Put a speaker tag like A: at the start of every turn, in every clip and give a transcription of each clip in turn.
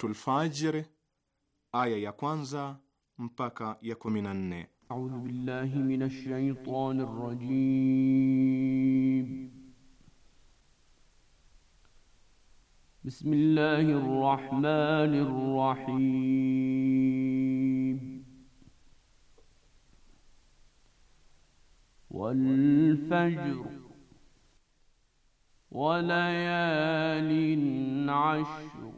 A: Suratul Fajr aya ya kwanza mpaka ya 14.
B: A'udhu billahi minash shaitani rrajim. Bismillahir rahmanir rahim.
C: Wal fajr
B: wa layalin 'ashr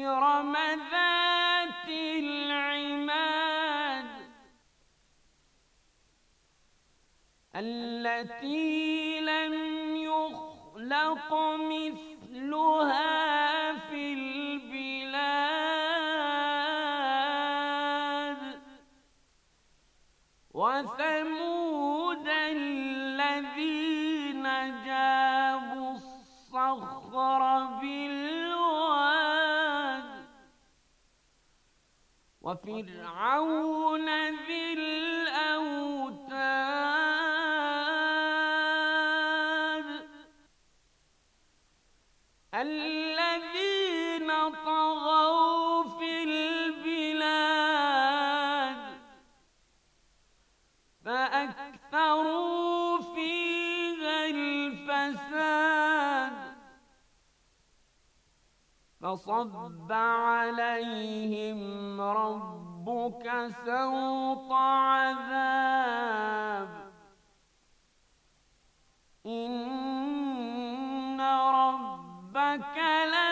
B: إرم ذات التي لم يخلق من وفرعون ذي فصب عليهم ربك سوط عذاب إن ربك لن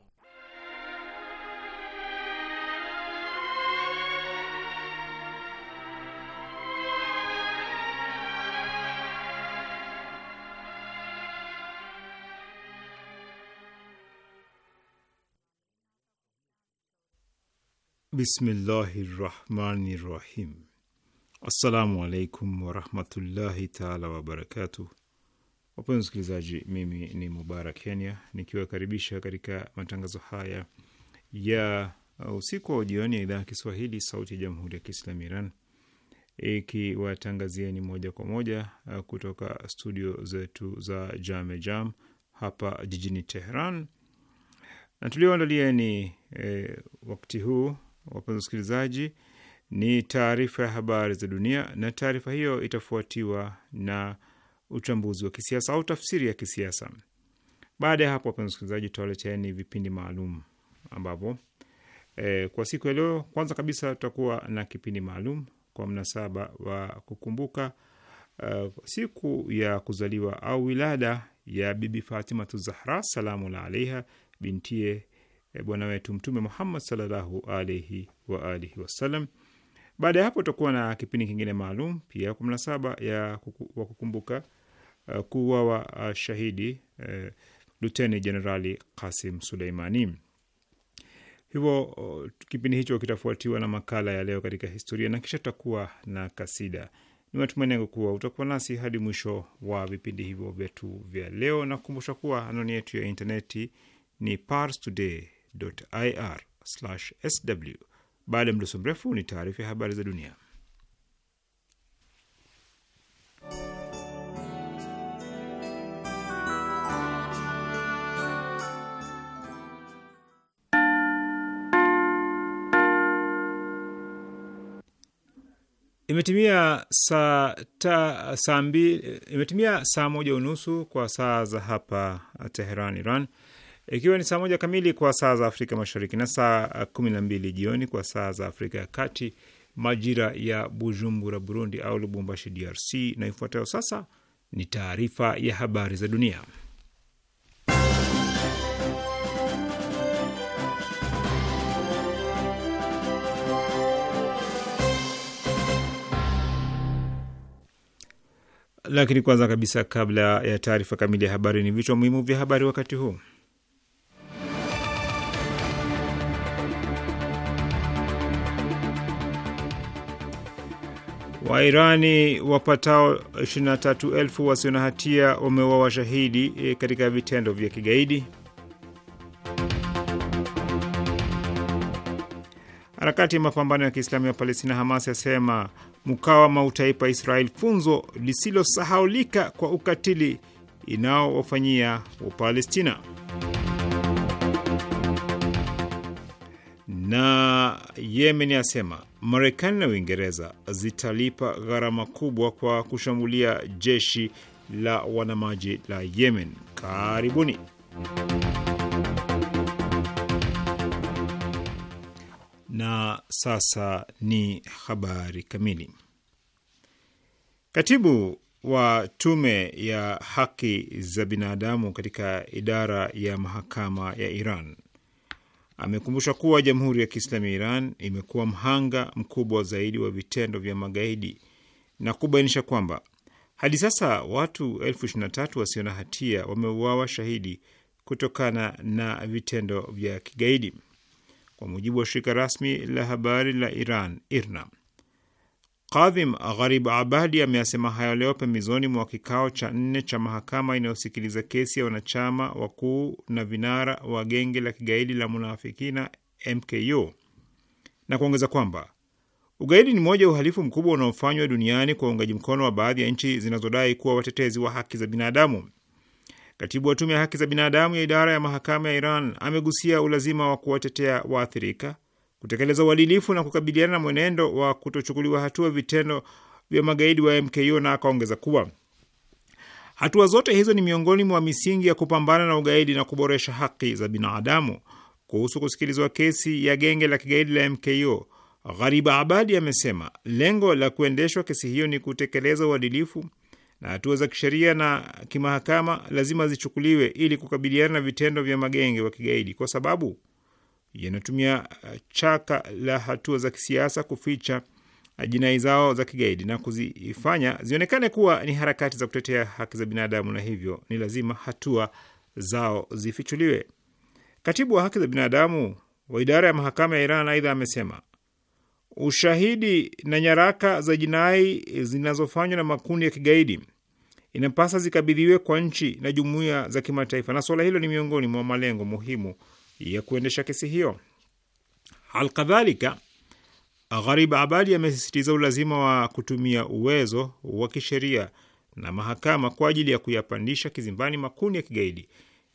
D: Bismillahi rahmani rahim. Assalamu alaikum warahmatullahi taala wabarakatuh. Wapenzi msikilizaji mimi ni Mubarak Kenya nikiwakaribisha katika matangazo haya ya usiku wa jioni ya idhaa ya Kiswahili sauti ya jamhuri ya Kiislamu Iran ikiwatangazieni moja kwa moja uh, kutoka studio zetu za Jame Jam hapa jijini Tehran na tulioandalia ni e, eh, wakati huu wapenzi wasikilizaji, ni taarifa ya habari za dunia, na taarifa hiyo itafuatiwa na uchambuzi wa kisiasa au tafsiri ya kisiasa. Baada ya hapo, wapenzi wasikilizaji, tutawaleteni vipindi maalum ambavyo e, kwa siku ya leo, kwanza kabisa tutakuwa na kipindi maalum kwa mnasaba wa kukumbuka uh, siku ya kuzaliwa au wilada ya Bibi Fatimatu Zahra salamu la alaiha bintie e, bwana wetu Mtume Muhammad sallallahu alaihi wa alihi wasallam. Baada ya hapo tutakuwa na kipindi kingine maalum pia kwa mnasaba ya kuku, wa kukumbuka uh, uh, shahidi uh, Luteni Jenerali Kasim Suleimani. Hivyo uh, kipindi hicho kitafuatiwa na makala ya leo katika historia na kisha tutakuwa na kasida. Ni matumaini yangu kuwa utakuwa nasi hadi mwisho wa vipindi hivyo vyetu vya leo, na kukumbusha kuwa anwani yetu ya intaneti ni Pars Today sw Baada ya mdoso mrefu ni taarifa ya habari za dunia. Imetimia saa, ta, saa mbi, imetimia saa moja unusu kwa saa za hapa Teheran, Iran, ikiwa ni saa moja kamili kwa saa za Afrika Mashariki na saa kumi na mbili jioni kwa saa za Afrika ya Kati, majira ya Bujumbura, Burundi au Lubumbashi, DRC. Na ifuatayo sasa ni taarifa ya habari za dunia. Lakini kwanza kabisa, kabla ya taarifa kamili ya habari, ni vichwa muhimu vya habari wakati huu. Wairani wapatao 23,000 wasio na hatia washahidi shahidi e, katika vitendo vya kigaidi. Harakati ya mapambano ya Kiislamu ya Palestina Hamas yasema mkawama utaipa Israel funzo lisilosahaulika kwa ukatili inaowafanyia Wapalestina. na Yemen yasema Marekani na Uingereza zitalipa gharama kubwa kwa kushambulia jeshi la wanamaji la Yemen. Karibuni. Na sasa ni habari kamili. Katibu wa tume ya haki za binadamu katika idara ya mahakama ya Iran Amekumbusha kuwa Jamhuri ya Kiislamu ya Iran imekuwa mhanga mkubwa zaidi wa vitendo vya magaidi na kubainisha kwamba hadi sasa watu elfu ishirini na tatu wasio na hatia wameuawa shahidi kutokana na vitendo vya kigaidi, kwa mujibu wa shirika rasmi la habari la Iran IRNA. Kadhim Gharib Abadi ameyasema hayo leo pembezoni mwa kikao cha nne cha mahakama inayosikiliza kesi ya wanachama wakuu na vinara wa genge la kigaidi la Munafikina mku na kuongeza kwamba ugaidi ni moja ya uhalifu mkubwa unaofanywa duniani kwa uungaji mkono wa baadhi ya nchi zinazodai kuwa watetezi wa haki za binadamu. Katibu wa tume ya haki za binadamu ya idara ya mahakama ya Iran amegusia ulazima wa kuwatetea waathirika kutekeleza uadilifu na kukabiliana na mwenendo wa kutochukuliwa hatua vitendo vya magaidi wa MKO, na akaongeza kuwa hatua zote hizo ni miongoni mwa misingi ya kupambana na ugaidi na kuboresha haki za binadamu. Kuhusu kusikilizwa kesi ya genge la kigaidi la MKO, Ghariba Abadi amesema lengo la kuendeshwa kesi hiyo ni kutekeleza uadilifu na hatua za kisheria na kimahakama lazima zichukuliwe ili kukabiliana na vitendo vya magenge wa kigaidi, kwa sababu yanatumia uh, chaka la hatua za kisiasa kuficha uh, jinai zao za kigaidi na kuzifanya zionekane kuwa ni harakati za kutetea haki za binadamu, na hivyo ni lazima hatua zao zifichuliwe. Katibu wa haki za binadamu wa idara ya mahakama ya Iran aidha amesema ushahidi na nyaraka za jinai zinazofanywa na makundi ya kigaidi inapasa zikabidhiwe kwa nchi na jumuiya za kimataifa, na suala hilo ni miongoni mwa malengo muhimu ya kuendesha kesi hiyo. Alkadhalika, Gharib Abadi amesisitiza ulazima wa kutumia uwezo wa kisheria na mahakama kwa ajili ya kuyapandisha kizimbani makundi ya kigaidi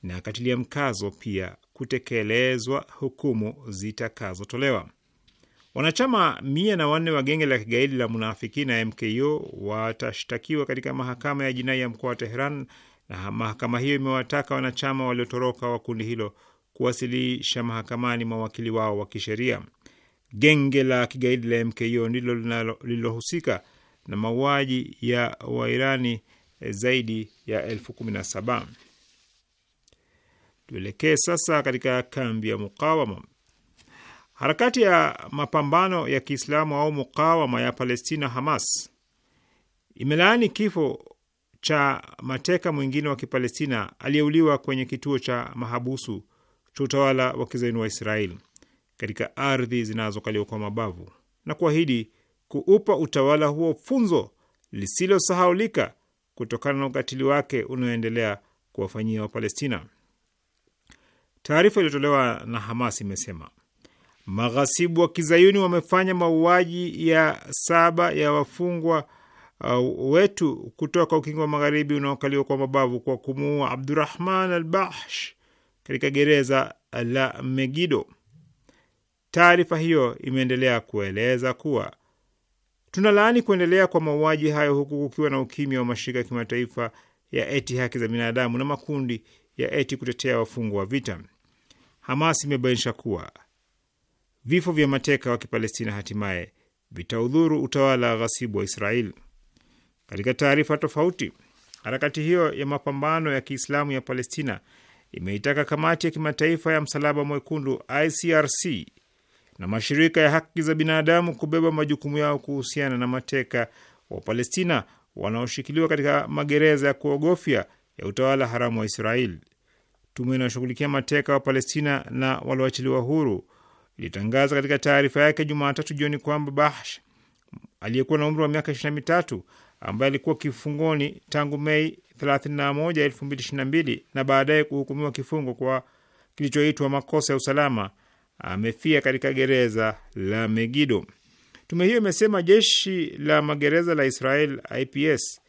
D: na akatilia mkazo pia kutekelezwa hukumu zitakazotolewa. Wanachama mia na wanne wa genge la kigaidi la Munafiki na MKO watashtakiwa katika mahakama ya jinai ya mkoa wa Teheran, na mahakama hiyo imewataka wanachama waliotoroka wa kundi hilo kuwasilisha mahakamani mawakili wao wa kisheria. Genge la kigaidi la MKO ndilo lililohusika na mauaji ya Wairani eh, zaidi ya elfu kumi na saba. Tuelekee sasa katika kambi ya mukawama. Harakati ya mapambano ya Kiislamu au mukawama ya Palestina, Hamas, imelaani kifo cha mateka mwingine wa Kipalestina aliyeuliwa kwenye kituo cha mahabusu cha utawala wa kizaini wa Israel katika ardhi zinazokaliwa kwa mabavu na kuahidi kuupa utawala huo funzo lisilosahaulika kutokana na ukatili wake unaoendelea kuwafanyia Wapalestina. Taarifa iliyotolewa na Hamas imesema maghasibu wa kizayuni wamefanya mauaji ya saba ya wafungwa uh, wetu kutoka ukingo wa magharibi unaokaliwa kwa mabavu kwa kumuua Abdurahman al Bahsh katika gereza la Megido. Taarifa hiyo imeendelea kueleza kuwa tunalaani kuendelea kwa mauaji hayo huku kukiwa na ukimya wa mashirika ya kimataifa ya eti haki za binadamu na makundi ya eti kutetea wafungwa wa vita. Hamas imebainisha kuwa vifo vya mateka wa Kipalestina hatimaye vitaudhuru utawala ghasibu wa Israeli. Katika taarifa tofauti, harakati hiyo ya mapambano ya Kiislamu ya Palestina imeitaka kamati ya kimataifa ya msalaba mwekundu ICRC na mashirika ya haki za binadamu kubeba majukumu yao kuhusiana na mateka wa Palestina wanaoshikiliwa katika magereza ya kuogofya ya utawala haramu wa Israeli. Tume inayoshughulikia mateka wa Palestina na walioachiliwa huru ilitangaza katika taarifa yake Jumatatu jioni kwamba Bahsh aliyekuwa na umri wa miaka ishirini na mitatu ambaye alikuwa kifungoni tangu Mei 31, 2022 na baadaye kuhukumiwa kifungo kwa kilichoitwa makosa ya usalama amefia katika gereza la Megido. Tume hiyo imesema jeshi la magereza la Israel IPS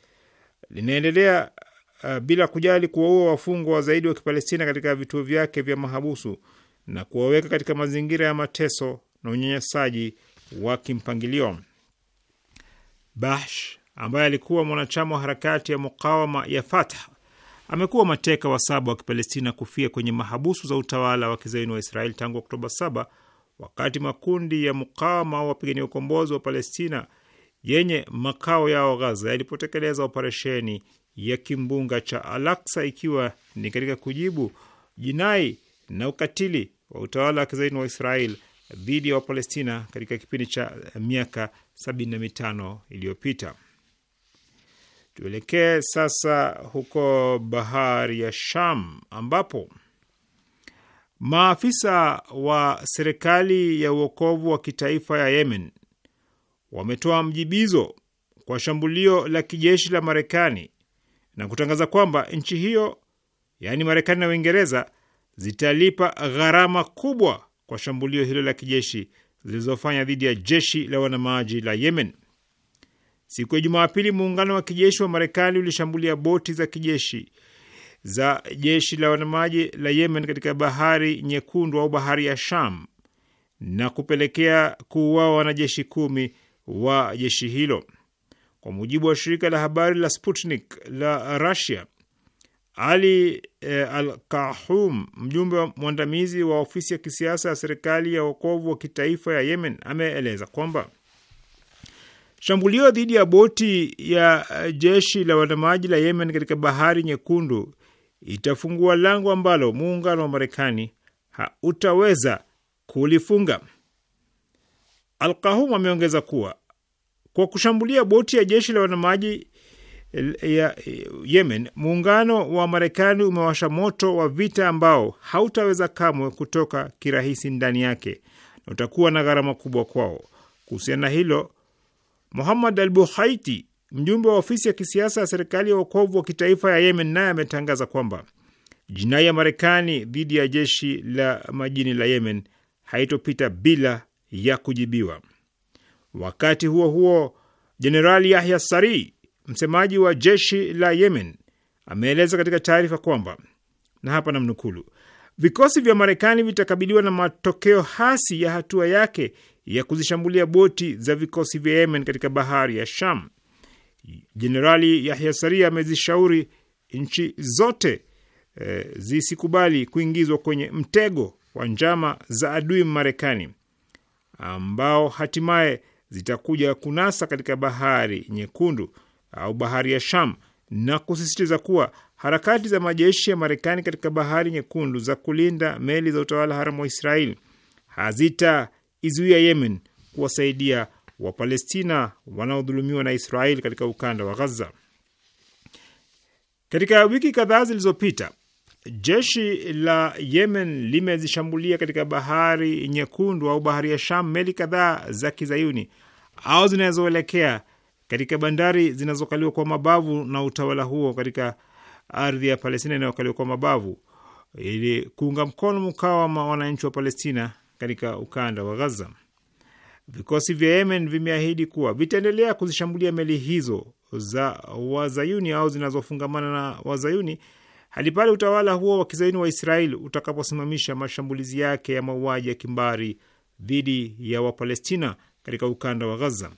D: linaendelea uh, bila kujali kuwaua wafungwa wa zaidi wa Kipalestina katika vituo vyake vya mahabusu na kuwaweka katika mazingira ya mateso na unyanyasaji wa kimpangilio. Bash ambaye alikuwa mwanachama wa harakati ya mukawama ya Fatah amekuwa mateka wa saba wa Kipalestina kufia kwenye mahabusu za utawala wa kizaini wa Israeli tangu Oktoba 7 wakati makundi ya mukawama au wapigania ukombozi wa Palestina yenye makao yao Gaza yalipotekeleza operesheni ya kimbunga cha alaksa ikiwa ni katika kujibu jinai na ukatili wa utawala wa kizaini wa israel dhidi ya Wapalestina katika kipindi cha miaka 75 iliyopita. Tuelekee sasa huko bahari ya Sham ambapo maafisa wa serikali ya uokovu wa kitaifa ya Yemen wametoa mjibizo kwa shambulio la kijeshi la Marekani na kutangaza kwamba nchi hiyo, yaani Marekani na Uingereza, zitalipa gharama kubwa kwa shambulio hilo la kijeshi zilizofanya dhidi ya jeshi la wanamaji la Yemen. Siku ya Jumapili, muungano wa kijeshi wa Marekani ulishambulia boti za kijeshi za jeshi la wanamaji la Yemen katika bahari nyekundu au bahari ya Sham na kupelekea kuuawa wanajeshi kumi wa jeshi hilo. Kwa mujibu wa shirika la habari la Sputnik la Russia, Ali e, Al-Kahum, mjumbe wa mwandamizi wa ofisi ya kisiasa ya serikali ya wokovu wa kitaifa ya Yemen, ameeleza kwamba Shambulio dhidi ya boti ya eh, jeshi la wanamaji la Yemen katika bahari nyekundu itafungua lango ambalo muungano wa Marekani hautaweza kulifunga. Alkahum ameongeza kuwa kwa kushambulia boti ya jeshi la wanamaji eh, ya eh, Yemen, muungano wa Marekani umewasha moto wa vita ambao hautaweza kamwe kutoka kirahisi ndani yake na utakuwa na gharama kubwa kwao. Kuhusiana na hilo Muhammad al Buhaiti, mjumbe wa ofisi ya kisiasa ya serikali ya wokovu wa kitaifa ya Yemen, naye ametangaza kwamba jinai ya Marekani dhidi ya jeshi la majini la Yemen haitopita bila ya kujibiwa. Wakati huo huo, Jenerali Yahya Sari, msemaji wa jeshi la Yemen, ameeleza katika taarifa kwamba, na hapa namnukulu, vikosi vya Marekani vitakabiliwa na matokeo hasi ya hatua yake ya kuzishambulia boti za vikosi vya Yemen katika bahari ya Sham. Jenerali Yahya Saria amezishauri nchi zote eh, zisikubali kuingizwa kwenye mtego wa njama za adui Marekani ambao hatimaye zitakuja kunasa katika bahari nyekundu au bahari ya Sham na kusisitiza kuwa harakati za majeshi ya Marekani katika bahari nyekundu za kulinda meli za utawala haramu wa Israeli hazita izuia Yemen kuwasaidia Wapalestina wanaodhulumiwa na Israeli katika ukanda wa Gaza. Katika wiki kadhaa zilizopita, jeshi la Yemen limezishambulia katika bahari Nyekundu au bahari ya Sham meli kadhaa za kizayuni au zinazoelekea katika bandari zinazokaliwa kwa mabavu na utawala huo katika ardhi ya Palestina inayokaliwa kwa mabavu ili kuunga mkono mkawama wananchi wa Palestina katika ukanda wa Gaza. Vikosi vya Yemen vimeahidi kuwa vitaendelea kuzishambulia meli hizo za wazayuni au zinazofungamana na wazayuni hadi pale utawala huo wa kizayuni wa Israeli utakaposimamisha mashambulizi yake ya mauaji ya kimbari dhidi ya Wapalestina katika ukanda wa Gaza.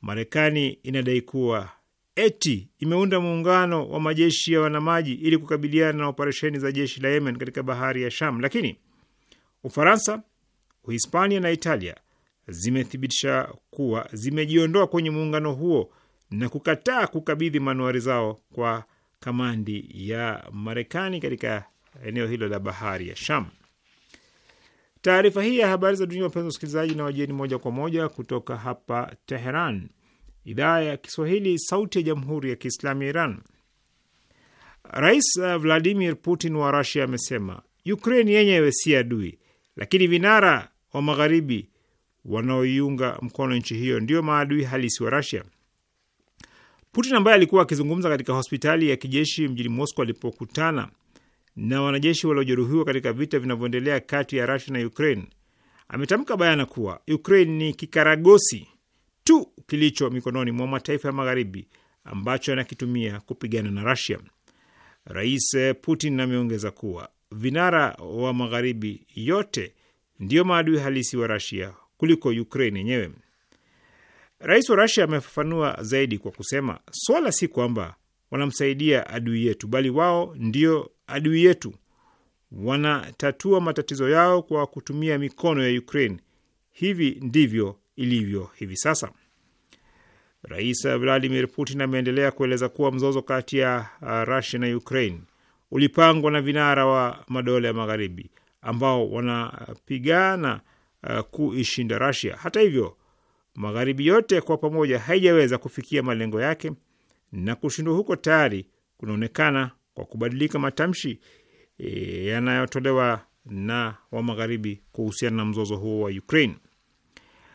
D: Marekani inadai kuwa eti imeunda muungano wa majeshi ya wanamaji ili kukabiliana na operesheni za jeshi la Yemen katika bahari ya Sham, lakini Ufaransa Uhispania na Italia zimethibitisha kuwa zimejiondoa kwenye muungano huo na kukataa kukabidhi manuari zao kwa kamandi ya Marekani katika eneo hilo la bahari ya Sham. Taarifa hii ya habari za dunia, wapenzi wasikilizaji, na wajieni moja kwa moja kutoka hapa Teheran, idhaa ya Kiswahili, sauti ya jamhuri ya kiislamu ya Iran. Rais Vladimir Putin wa Rusia amesema Ukraini yenyewe si adui, lakini vinara wa magharibi wanaoiunga mkono nchi hiyo ndio maadui halisi wa Rasia. Putin ambaye alikuwa akizungumza katika hospitali ya kijeshi mjini Moscow alipokutana na wanajeshi waliojeruhiwa katika vita vinavyoendelea kati ya Rusia na Ukraine ametamka bayana kuwa Ukraine ni kikaragosi tu kilicho mikononi mwa mataifa ya magharibi ambacho yanakitumia kupigana na Rusia. Rais Putin ameongeza kuwa vinara wa magharibi yote ndiyo maadui halisi wa Rasia kuliko Ukraine yenyewe. Rais wa Rasia amefafanua zaidi kwa kusema, swala si kwamba wanamsaidia adui yetu, bali wao ndio adui yetu. Wanatatua matatizo yao kwa kutumia mikono ya Ukraine. Hivi ndivyo ilivyo hivi sasa. Rais Vladimir Putin ameendelea kueleza kuwa mzozo kati ya uh, Rusia na Ukraine ulipangwa na vinara wa madola ya Magharibi ambao wanapigana uh, kuishinda Russia. Hata hivyo, magharibi yote kwa pamoja haijaweza kufikia malengo yake na kushindwa huko tayari kunaonekana kwa kubadilika matamshi e, yanayotolewa na wa magharibi kuhusiana na mzozo huo wa Ukraine.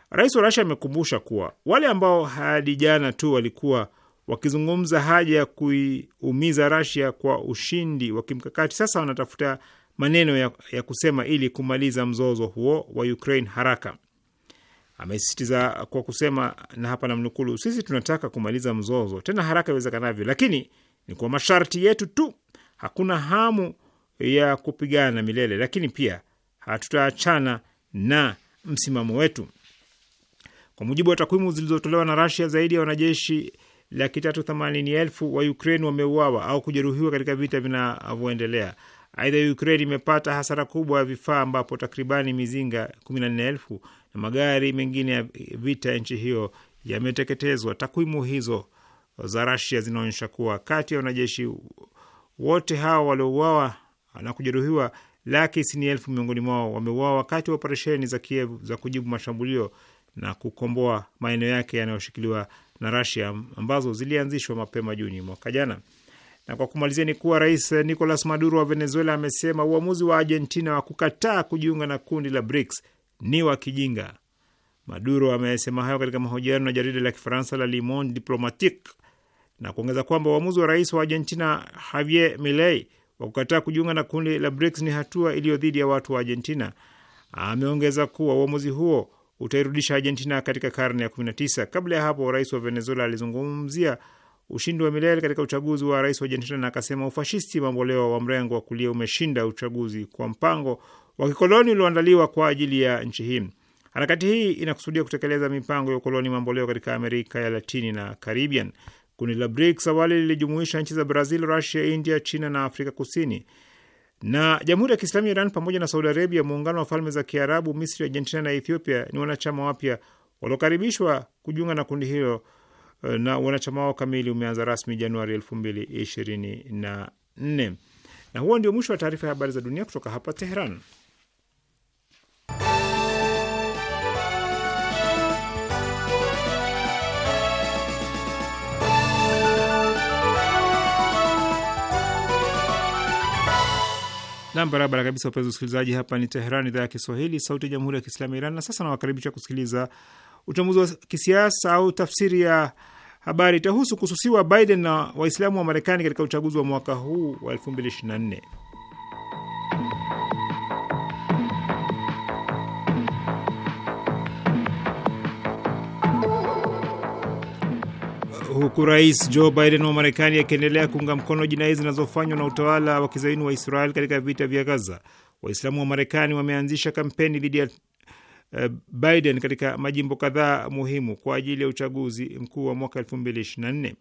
D: Rais wa Russia amekumbusha kuwa wale ambao hadi jana tu walikuwa wakizungumza haja ya kuiumiza Russia kwa ushindi wa kimkakati, sasa wanatafuta maneno ya, ya kusema ili kumaliza mzozo huo wa Ukraine haraka. Amesisitiza kwa kusema, na hapa namnukulu, sisi tunataka kumaliza mzozo tena haraka iwezekanavyo, lakini ni kwa masharti yetu tu. Hakuna hamu ya kupigana milele, lakini pia hatutaachana na msimamo wetu. Kwa mujibu wa takwimu zilizotolewa na Rasia, zaidi ya wanajeshi laki tatu themanini elfu wa Ukraine wameuawa au kujeruhiwa katika vita vinavyoendelea. Aidha, Ukraine imepata hasara kubwa ya vifaa, ambapo takribani mizinga 14,000 na magari mengine ya vita ya nchi hiyo yameteketezwa. Takwimu hizo za Rasia zinaonyesha kuwa kati ya wanajeshi wote hao waliouawa na kujeruhiwa, laki sitini elfu miongoni mwao wameuawa wakati wa operesheni za Kiev za kujibu mashambulio na kukomboa maeneo yake yanayoshikiliwa na Rasia ambazo zilianzishwa mapema Juni mwaka jana. Na kwa kumalizia ni kuwa Rais Nicolas Maduro wa Venezuela amesema uamuzi wa Argentina wa kukataa kujiunga na kundi la BRICS ni wa kijinga. Maduro amesema hayo katika mahojiano na jarida la Kifaransa la Le Monde Diplomatique na kuongeza kwamba uamuzi wa rais wa Argentina Javier Milei wa kukataa kujiunga na kundi la BRICS ni hatua iliyo dhidi ya watu wa Argentina. Ameongeza kuwa uamuzi huo utairudisha Argentina katika karne ya 19. Kabla ya hapo, rais wa Venezuela alizungumzia ushindi wa milele katika uchaguzi wa rais wa Argentina na akasema ufashisti mamboleo wa mrengo wa kulia umeshinda uchaguzi kwa mpango wa kikoloni ulioandaliwa kwa ajili ya nchi hii. Harakati hii inakusudia kutekeleza mipango ya ukoloni mamboleo katika Amerika ya Latini na Caribbean. Kundi la BRICS awali lilijumuisha nchi za Brazil, Russia, India, China na Afrika Kusini na Jamhuri ya Kiislamu ya Iran pamoja na Saudi Arabia, Muungano wa Falme za Kiarabu, Misri, Argentina na Ethiopia ni wanachama wapya waliokaribishwa kujiunga na kundi hilo Eh, na wanachama wao kamili umeanza rasmi Januari 2024 na Na huo ndio mwisho wa taarifa ya habari za dunia kutoka hapa Teheran. Nam barabara kabisa, wapenzi usikilizaji, hapa ni Teheran, idhaa ya Kiswahili, sauti ya jamhuri ya kiislamu ya Iran. Na sasa nawakaribisha kusikiliza Uchambuzi wa kisiasa au tafsiri ya habari itahusu kususiwa Biden na Waislamu wa Marekani katika uchaguzi wa mwaka huu wa 2024. Huku rais Joe Biden wa Marekani akiendelea kuunga mkono jinai zinazofanywa na utawala wa kizaini wa Israel katika vita vya Gaza, Waislamu wa Marekani wameanzisha kampeni dhidi ya Eh, Biden katika majimbo kadhaa muhimu kwa ajili ya uchaguzi mkuu wa mwaka 2024.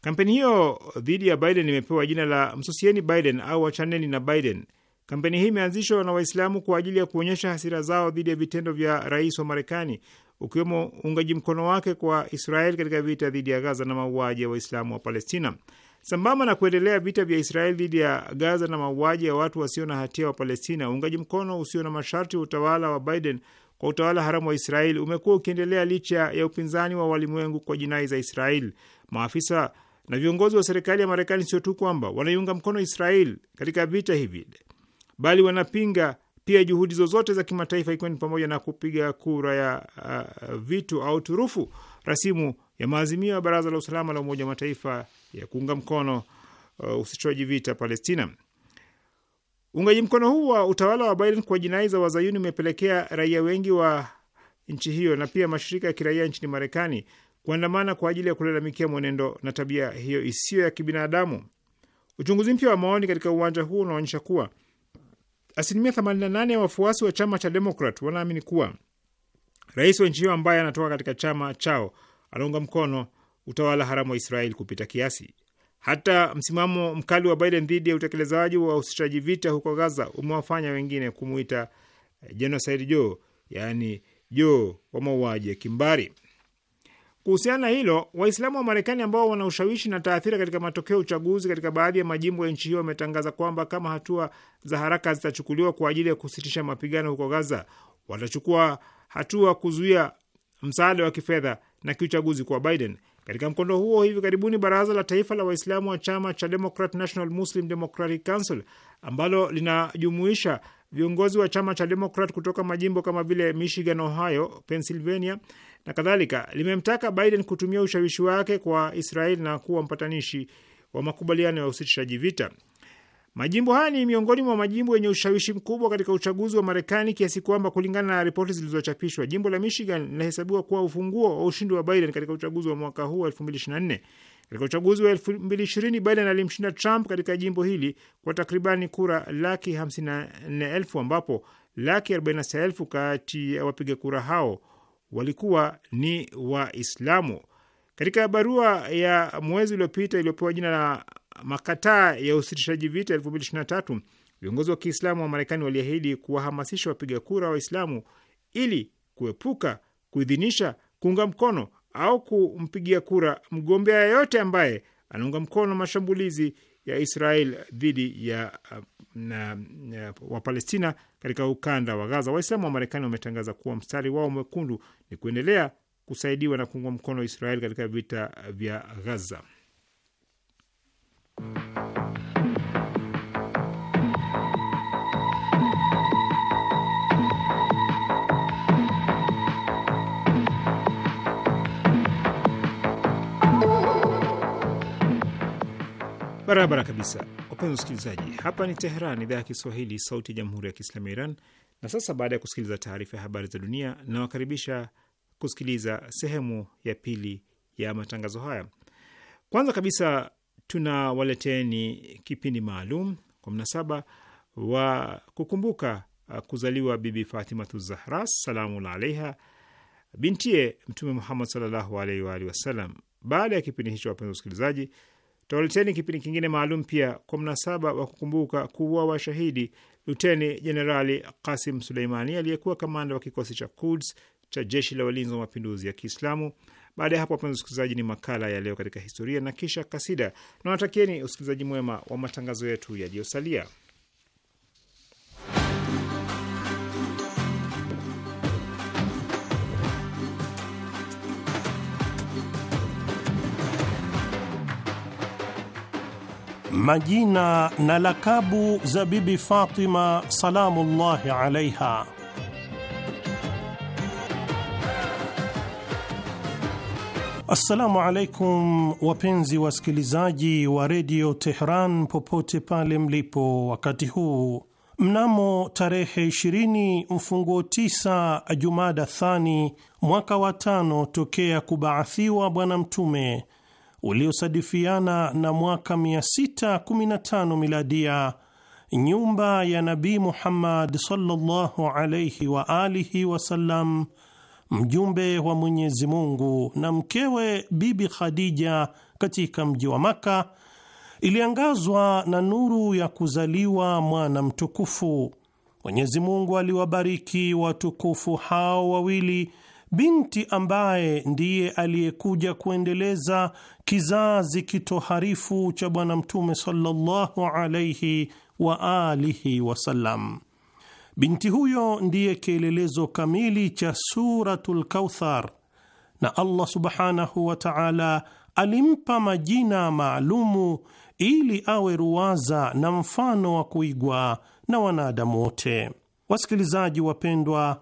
D: Kampeni hiyo dhidi ya Biden imepewa jina la msusieni Biden au wachaneni na Biden. Kampeni hii imeanzishwa na Waislamu kwa ajili ya kuonyesha hasira zao dhidi ya vitendo vya rais wa Marekani, ukiwemo uungaji mkono wake kwa Israel katika vita dhidi ya Gaza na mauaji ya Waislamu wa Palestina. Sambamba na kuendelea vita vya Israeli dhidi ya Gaza na mauaji ya watu wasio na hatia wa Palestina, uungaji mkono usio na masharti wa utawala wa Biden kwa utawala haramu wa Israeli umekuwa ukiendelea licha ya upinzani wa walimwengu kwa jinai za Israeli. Maafisa na viongozi wa serikali ya Marekani sio tu kwamba wanaiunga mkono Israeli katika vita hivi, bali wanapinga pia juhudi zozote za kimataifa, ikiwa ni pamoja na kupiga kura ya uh, vitu au turufu rasimu ya maazimio ya Baraza la Usalama la Umoja wa Mataifa ya kuunga mkono uh, usitishaji vita Palestina. Uungaji mkono huu wa utawala wa Biden kwa jinai za wazayuni umepelekea raia wengi wa nchi hiyo na pia mashirika ya kiraia nchini Marekani kuandamana kwa ajili ya kulalamikia mwenendo na tabia hiyo isiyo ya kibinadamu. Uchunguzi mpya wa maoni katika uwanja huu unaonyesha kuwa asilimia 88 ya wafuasi wa chama cha Demokrat wanaamini kuwa rais wa nchi hiyo ambaye anatoka katika chama chao anaunga mkono utawala haramu wa Israeli kupita kiasi. Hata msimamo mkali wa Biden dhidi ya utekelezaji wa usitishaji vita huko Gaza umewafanya wengine kumuita eh, Genocide Joe, yaani Joe wa mauaji ya kimbari. Kuhusiana na hilo, Waislamu wa Marekani ambao wana ushawishi na taathira katika matokeo ya uchaguzi katika baadhi ya majimbo ya nchi hiyo wametangaza kwamba kama hatua za haraka zitachukuliwa kwa ajili ya kusitisha mapigano huko Gaza, watachukua hatua kuzuia msaada wa kifedha na kiuchaguzi kwa Biden. Katika mkondo huo, hivi karibuni baraza la taifa la Waislamu wa chama cha Democrat National Muslim Democratic Council ambalo linajumuisha viongozi wa chama cha Demokrat kutoka majimbo kama vile Michigan, Ohio, Pennsylvania na kadhalika limemtaka Biden kutumia ushawishi wake kwa Israel na kuwa mpatanishi wa makubaliano ya usitishaji vita. Majimbo haya ni miongoni mwa majimbo yenye ushawishi mkubwa katika uchaguzi wa Marekani kiasi kwamba kulingana na ripoti zilizochapishwa, jimbo la Michigan linahesabiwa kuwa ufunguo wa ushindi wa Biden katika uchaguzi wa mwaka huu wa 2024. Katika uchaguzi wa 2020 Biden alimshinda Trump katika jimbo hili kwa takribani kura laki 54,000 ambapo laki 46,000 kati ya wapiga kura hao walikuwa ni Waislamu. Katika barua ya mwezi uliopita iliyopewa jina la makataa ya usitishaji vita 2023 viongozi wa Kiislamu wa Marekani waliahidi kuwahamasisha wapiga kura Waislamu ili kuepuka kuidhinisha, kuunga mkono au kumpigia kura mgombea yeyote ambaye anaunga mkono mashambulizi ya Israel dhidi ya uh, uh, Wapalestina katika ukanda wa Gaza. Waislamu wa Marekani wametangaza kuwa mstari wao mwekundu ni kuendelea kusaidiwa na kuungwa mkono Israel katika vita vya Gaza. Barabara kabisa, wapenzi wasikilizaji, hapa ni Teheran, idhaa ya Kiswahili, sauti ya jamhuri ya kiislamu ya Iran. Na sasa baada ya kusikiliza taarifa ya habari za dunia, nawakaribisha kusikiliza sehemu ya pili ya matangazo haya. Kwanza kabisa, tunawaleteni kipindi maalum kwa mnasaba wa kukumbuka kuzaliwa Bibi Fatimatu Zahra salamu alaiha, bintie Mtume Muhammad sallallahu alaihi wasalam. Baada ya kipindi hicho, wapenzi wasikilizaji Tutawaleteni kipindi kingine maalum pia kwa mnasaba wa kukumbuka kuuawa washahidi Luteni Jenerali Kasim Suleimani aliyekuwa kamanda wa kikosi cha Quds cha jeshi la walinzi wa mapinduzi ya Kiislamu. Baada ya hapo, wapenzi usikilizaji ni makala ya leo katika historia na kisha kasida, na usikilizaji mwema wa matangazo yetu yaliyosalia.
E: majina na lakabu za Bibi Fatima salamullahi alaiha. Assalamu alaikum wapenzi wasikilizaji wa redio Tehran popote pale mlipo, wakati huu mnamo tarehe 20 mfunguo 9 Jumada Thani mwaka wa tano tokea kubaathiwa Bwana Mtume uliosadifiana na mwaka 615 miladia, nyumba ya nabi Muhammad sallallahu alayhi wa alihi wasallam, mjumbe wa Mwenyezi Mungu na mkewe Bibi Khadija katika mji wa makka iliangazwa na nuru ya kuzaliwa mwana mtukufu. Mwenyezi Mungu aliwabariki watukufu hao wawili binti ambaye ndiye aliyekuja kuendeleza kizazi kitoharifu cha Bwana Mtume sallallahu alaihi wa alihi wasallam. Binti huyo ndiye kielelezo kamili cha Suratul Kauthar, na Allah subhanahu wa taala alimpa majina maalumu ili awe ruwaza na mfano wa kuigwa na wanadamu wote. Wasikilizaji wapendwa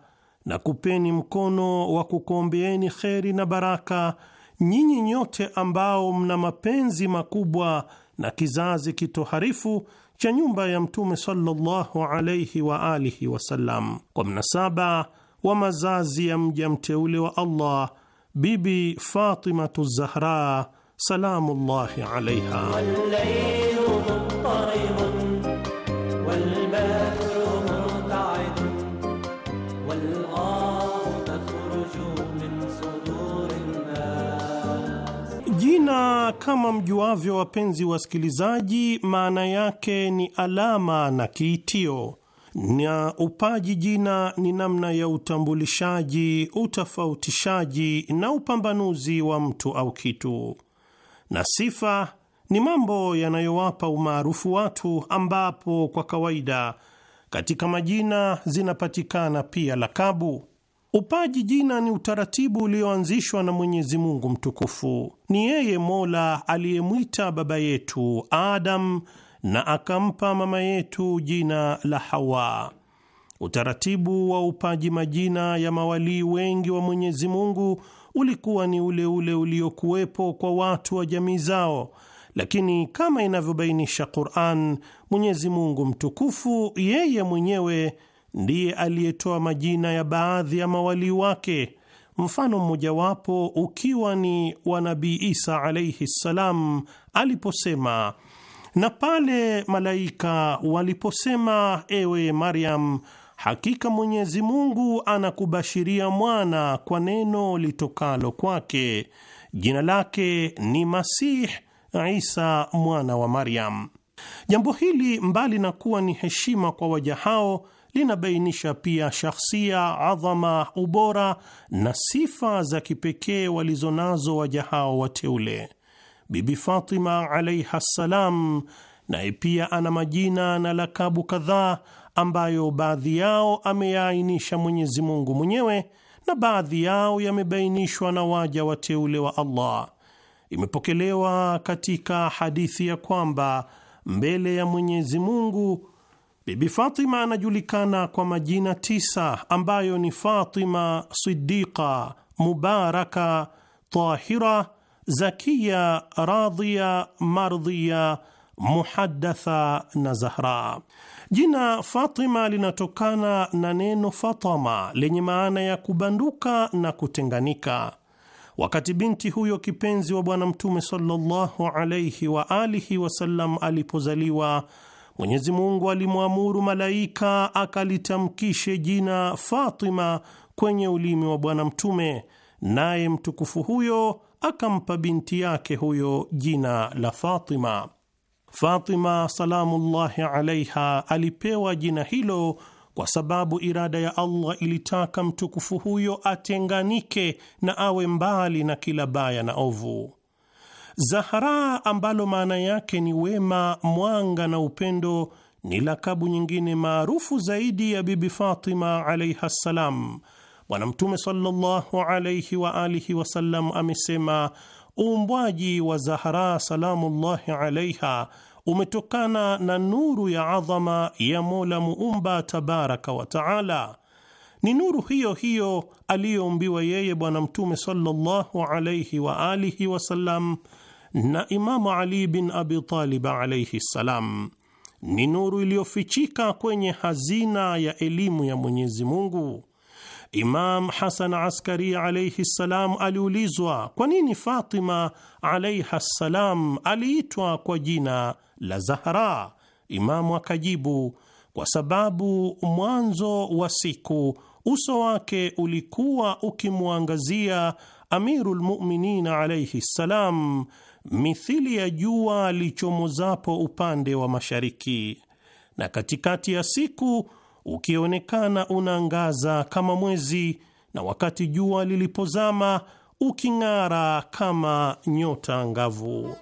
E: na kupeni mkono wa kukuombeeni kheri na baraka nyinyi nyote ambao mna mapenzi makubwa na kizazi kitoharifu cha nyumba ya Mtume sallallahu alayhi wa alihi wasallam, kwa mnasaba wa mazazi ya mja mteule wa Allah, Bibi Fatimatu Zahra salamullahi alayha. kama mjuavyo, wapenzi wasikilizaji, maana yake ni alama na kiitio, na upaji jina ni namna ya utambulishaji, utofautishaji na upambanuzi wa mtu au kitu, na sifa ni mambo yanayowapa umaarufu watu, ambapo kwa kawaida katika majina zinapatikana pia lakabu. Upaji jina ni utaratibu ulioanzishwa na Mwenyezi Mungu mtukufu. Ni yeye Mola aliyemwita baba yetu Adam na akampa mama yetu jina la Hawa. Utaratibu wa upaji majina ya mawalii wengi wa Mwenyezi Mungu ulikuwa ni ule ule uliokuwepo kwa watu wa jamii zao, lakini kama inavyobainisha Qur'an, Mwenyezi Mungu mtukufu yeye mwenyewe ndiye aliyetoa majina ya baadhi ya mawalii wake, mfano mmojawapo ukiwa ni wa Nabii Isa alaihi ssalam aliposema, na pale malaika waliposema, ewe Maryam, hakika Mwenyezi Mungu anakubashiria mwana kwa neno litokalo kwake, jina lake ni Masih Isa mwana wa Maryam. Jambo hili mbali na kuwa ni heshima kwa waja hao linabainisha pia shahsia, adhama, ubora na sifa za kipekee walizonazo waja hao wateule. Bibi Fatima alaiha ssalam naye pia ana majina na lakabu kadhaa ambayo baadhi yao ameyaainisha Mwenyezi Mungu mwenyewe na baadhi yao yamebainishwa na waja wateule wa Allah. Imepokelewa katika hadithi ya kwamba mbele ya Mwenyezi Mungu Bibi Fatima anajulikana kwa majina tisa ambayo ni Fatima, Siddiqa, Mubaraka, Tahira, Zakiya, radhia mardhia Muhaddatha na Zahra. Jina Fatima linatokana na neno fatama lenye maana ya kubanduka na kutenganika. Wakati binti huyo kipenzi wa Bwana Mtume sallallahu alayhi wa alihi wasallam alipozaliwa Mwenyezi Mungu alimwamuru malaika akalitamkishe jina Fatima kwenye ulimi wa Bwana Mtume, naye mtukufu huyo akampa binti yake huyo jina la Fatima. Fatima salamullahi alaiha alipewa jina hilo kwa sababu irada ya Allah ilitaka mtukufu huyo atenganike na awe mbali na kila baya na ovu. Zahara ambalo maana yake ni wema, mwanga na upendo, ni lakabu nyingine maarufu zaidi ya Bibi Fatima alaiha ssalam. Bwana Mtume sallallahu alaihi wa alihi wasallam amesema uumbwaji wa Zahara salamullahi alaiha umetokana na nuru ya adhama ya Mola Muumba tabaraka wa taala. Ni nuru hiyo hiyo aliyoumbiwa yeye Bwana Mtume sallallahu alaihi wa alihi wasallam na Imamu Ali bin Abi Talib alayhi ssalam ni nuru iliyofichika kwenye hazina ya elimu ya Mwenyezi Mungu. Imam Hasan Askari alayhi ssalam aliulizwa kwa nini Fatima alayha ssalam aliitwa kwa jina la Zahra. Imamu akajibu, kwa sababu mwanzo wa siku uso wake ulikuwa ukimwangazia Amirul Mu'minin alaihi ssalam mithili ya jua lichomozapo upande wa mashariki, na katikati ya siku ukionekana unaangaza kama mwezi, na wakati jua lilipozama uking'ara kama nyota angavu.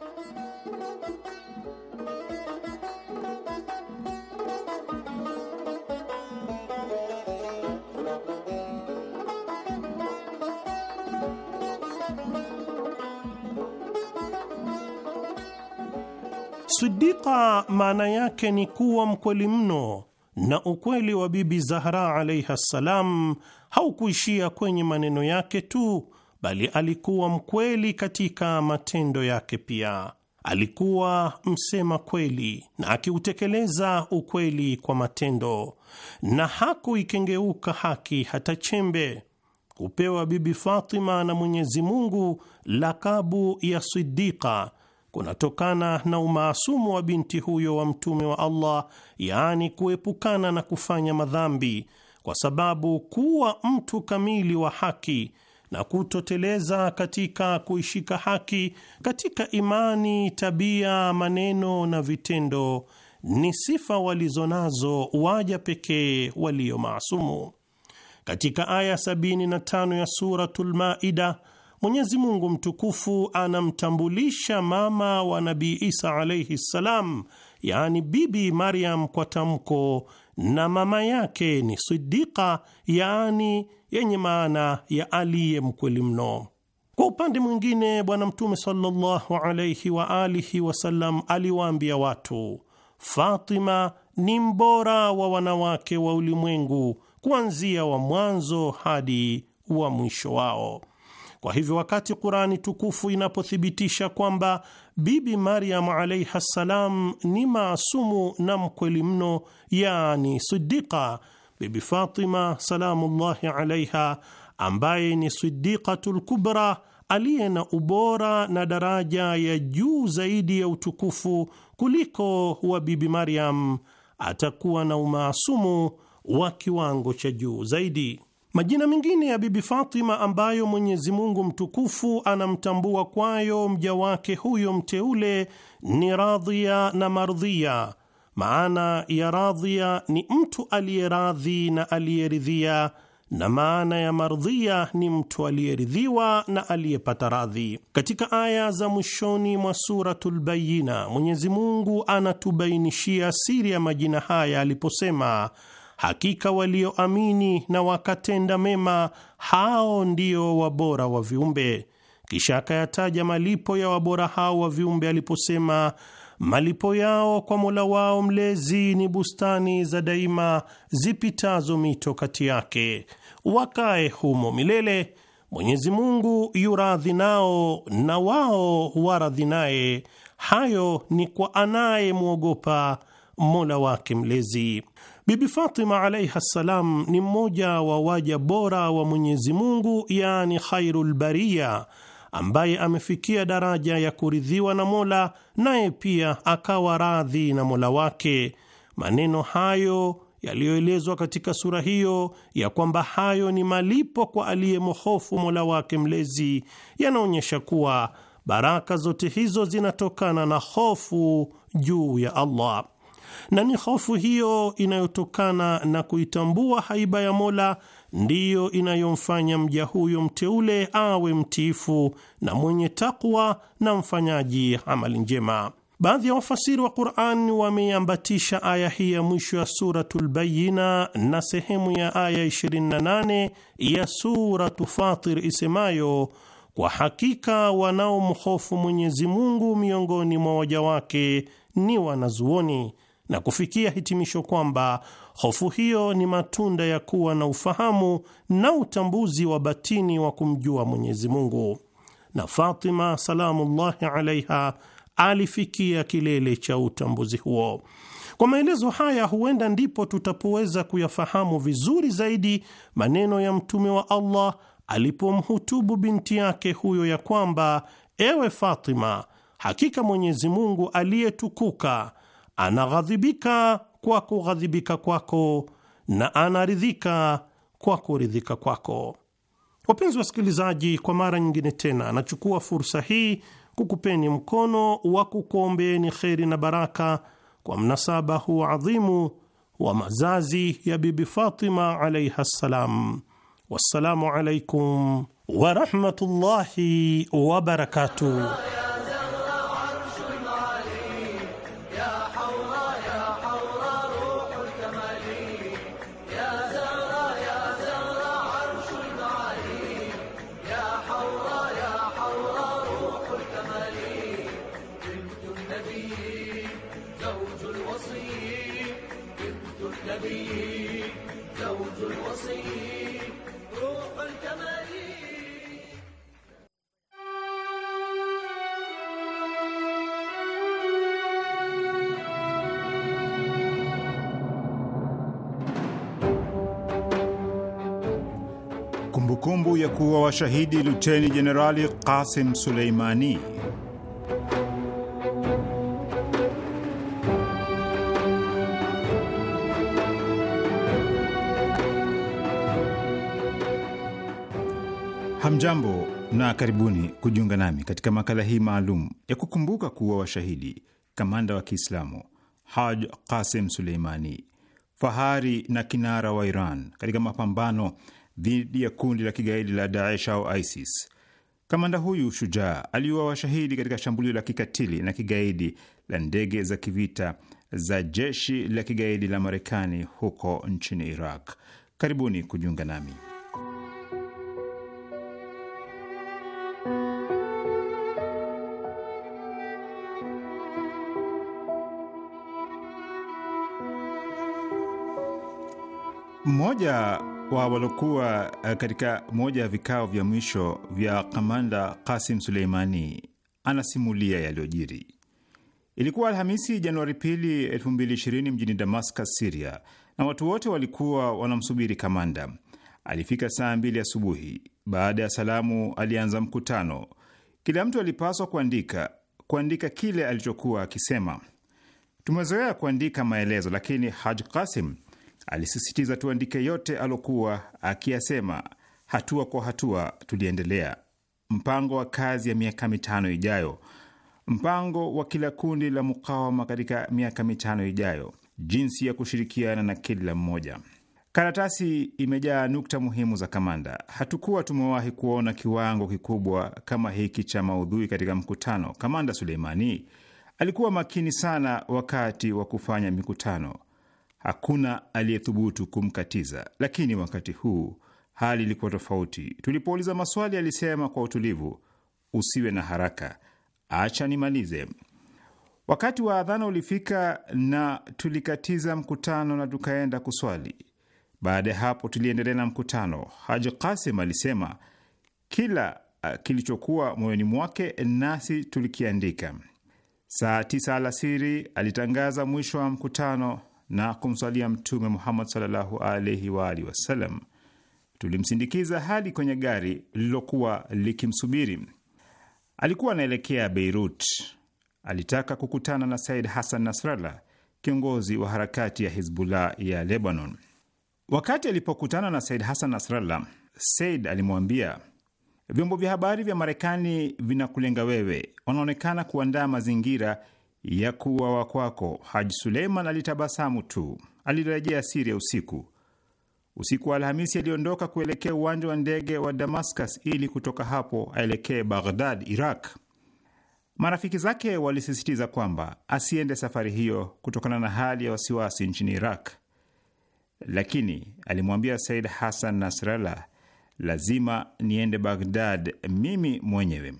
E: Siddiqa maana yake ni kuwa mkweli mno, na ukweli wa Bibi Zahra alaiha ssalam haukuishia kwenye maneno yake tu, bali alikuwa mkweli katika matendo yake pia. Alikuwa msema kweli na akiutekeleza ukweli kwa matendo, na hakuikengeuka haki hata chembe. Kupewa Bibi Fatima na Mwenyezi Mungu lakabu ya Siddiqa kunatokana na umaasumu wa binti huyo wa mtume wa Allah, yaani kuepukana na kufanya madhambi, kwa sababu kuwa mtu kamili wa haki na kutoteleza katika kuishika haki katika imani, tabia, maneno na vitendo ni sifa walizo nazo waja pekee walio maasumu. Katika aya 75 ya Suratul Maida Mwenyezi Mungu mtukufu anamtambulisha mama wa Nabii Isa alaihi ssalam, yaani Bibi Maryam kwa tamko, na mama yake ni Sidiqa, yaani yenye maana ya aliye mkweli mno. Kwa upande mwingine, Bwana Mtume sallallahu alaihi wa alihi wasallam aliwaambia watu, Fatima ni mbora wa wanawake wa ulimwengu kuanzia wa mwanzo hadi wa mwisho wao. Kwa hivyo wakati qurani tukufu inapothibitisha kwamba Bibi Maryam alaihi ssalam ni maasumu na mkweli mno, yani sidiqa, Bibi Fatima salamullahi alaiha ambaye ni sidiqatu lkubra aliye na ubora na daraja ya juu zaidi ya utukufu kuliko wa Bibi Maryam, atakuwa na umaasumu wa kiwango cha juu zaidi. Majina mengine ya Bibi Fatima ambayo Mwenyezi Mungu mtukufu anamtambua kwayo mja wake huyo mteule ni radhia na Mardhiya. Maana ya radhia ni mtu aliyeradhi na aliyeridhia, na maana ya Mardhiya ni mtu aliyeridhiwa na aliyepata radhi. Katika aya za mwishoni mwa Suratul lbayina Mwenyezi Mungu anatubainishia siri ya majina haya aliposema Hakika walioamini na wakatenda mema, hao ndio wabora wa viumbe. Kisha akayataja malipo ya wabora hao wa viumbe aliposema, malipo yao kwa Mola wao mlezi ni bustani za daima zipitazo mito kati yake, wakae humo milele. Mwenyezi Mungu yuradhi nao na wao waradhi naye. Hayo ni kwa anayemwogopa Mola wake mlezi. Bibi Fatima alaiha ssalam ni mmoja wa waja bora wa Mwenyezi Mungu, yaani khairul ambaye amefikia daraja ya kuridhiwa na Mola, naye pia akawa radhi na Mola wake. Maneno hayo yaliyoelezwa katika sura hiyo ya kwamba hayo ni malipo kwa aliyemhofu Mola wake mlezi yanaonyesha kuwa baraka zote hizo zinatokana na hofu juu ya Allah na ni hofu hiyo inayotokana na kuitambua haiba ya Mola ndiyo inayomfanya mja huyo mteule awe mtiifu na mwenye takwa na mfanyaji amali njema. Baadhi ya wafasiri wa Qur'an wameambatisha aya hii ya mwisho ya Suratul Bayyina na sehemu ya aya 28 ya Suratu Fatir isemayo, kwa hakika wanaomhofu Mwenyezi Mungu miongoni mwa waja wake ni wanazuoni na kufikia hitimisho kwamba hofu hiyo ni matunda ya kuwa na ufahamu na utambuzi wa batini wa kumjua Mwenyezi Mungu. Na Fatima salamullahi alaiha alifikia kilele cha utambuzi huo. Kwa maelezo haya, huenda ndipo tutapoweza kuyafahamu vizuri zaidi maneno ya Mtume wa Allah alipomhutubu binti yake huyo ya kwamba, ewe Fatima, hakika Mwenyezi Mungu aliyetukuka anaghadhibika kwa kughadhibika kwako na anaridhika kwa kuridhika kwako. Wapenzi wasikilizaji, kwa mara nyingine tena anachukua fursa hii kukupeni mkono wa kukuombeeni kheri na baraka kwa mnasaba huu adhimu wa mazazi ya Bibi Fatima alaiha ssalam. Wassalamu alaikum warahmatullahi wabarakatuh.
D: kumbukumbu ya kuwa washahidi Luteni Jenerali Qasim Suleimani. Hamjambo na karibuni kujiunga nami katika makala hii maalum ya kukumbuka kuwa washahidi kamanda wa Kiislamu Haj Qasim Suleimani, fahari na kinara wa Iran katika mapambano dhidi ya kundi la kigaidi la Daesh au ISIS. Kamanda huyu shujaa aliuawa washahidi katika shambulio la kikatili na kigaidi la ndege za kivita za jeshi la kigaidi la Marekani huko nchini Iraq. Karibuni kujiunga nami. Mmoja wa waliokuwa eh, katika moja ya vikao vya mwisho vya kamanda Kasim Suleimani anasimulia yaliyojiri. Ilikuwa Alhamisi, Januari pili, 2020 mjini Damascus, Siria, na watu wote walikuwa wanamsubiri kamanda. Alifika saa mbili asubuhi. Baada ya salamu, alianza mkutano. Kila mtu alipaswa kuandika kuandika kile alichokuwa akisema. Tumezoea kuandika maelezo, lakini Haj Kasim Alisisitiza tuandike yote alokuwa akiyasema. Hatua kwa hatua tuliendelea. Mpango wa kazi ya miaka mitano ijayo, mpango wa kila kundi la mukawama katika miaka mitano ijayo, jinsi ya kushirikiana na kila mmoja. Karatasi imejaa nukta muhimu za kamanda. Hatukuwa tumewahi kuona kiwango kikubwa kama hiki cha maudhui katika mkutano. Kamanda Suleimani alikuwa makini sana wakati wa kufanya mikutano. Hakuna aliyethubutu kumkatiza. Lakini wakati huu hali ilikuwa tofauti. Tulipouliza maswali, alisema kwa utulivu, usiwe na haraka, acha nimalize. Wakati wa adhana ulifika na tulikatiza mkutano na tukaenda kuswali. Baada ya hapo, tuliendelea na mkutano. Haji Kasim alisema kila ah, kilichokuwa moyoni mwake, nasi tulikiandika. Saa tisa alasiri alitangaza mwisho wa mkutano na kumswalia Mtume Muhammad sallallahu alaihi wa alihi wasallam. Tulimsindikiza hadi kwenye gari lililokuwa likimsubiri. Alikuwa anaelekea Beirut. Alitaka kukutana na Said Hassan Nasrallah, kiongozi wa harakati ya Hizbullah ya Lebanon. Wakati alipokutana na Said Hassan Nasrallah, Said alimwambia, vyombo vya habari vya Marekani vinakulenga wewe, wanaonekana kuandaa mazingira ya kuuawa kwako. Haji Suleiman alitabasamu tu. Alirejea Siria usiku. Usiku wa Alhamisi aliondoka kuelekea uwanja wa ndege wa Damascus ili kutoka hapo aelekee Baghdad, Iraq. Marafiki zake walisisitiza kwamba asiende safari hiyo kutokana na hali ya wasiwasi nchini Iraq, lakini alimwambia Said Hassan Nasrallah, lazima niende Baghdad mimi mwenyewe.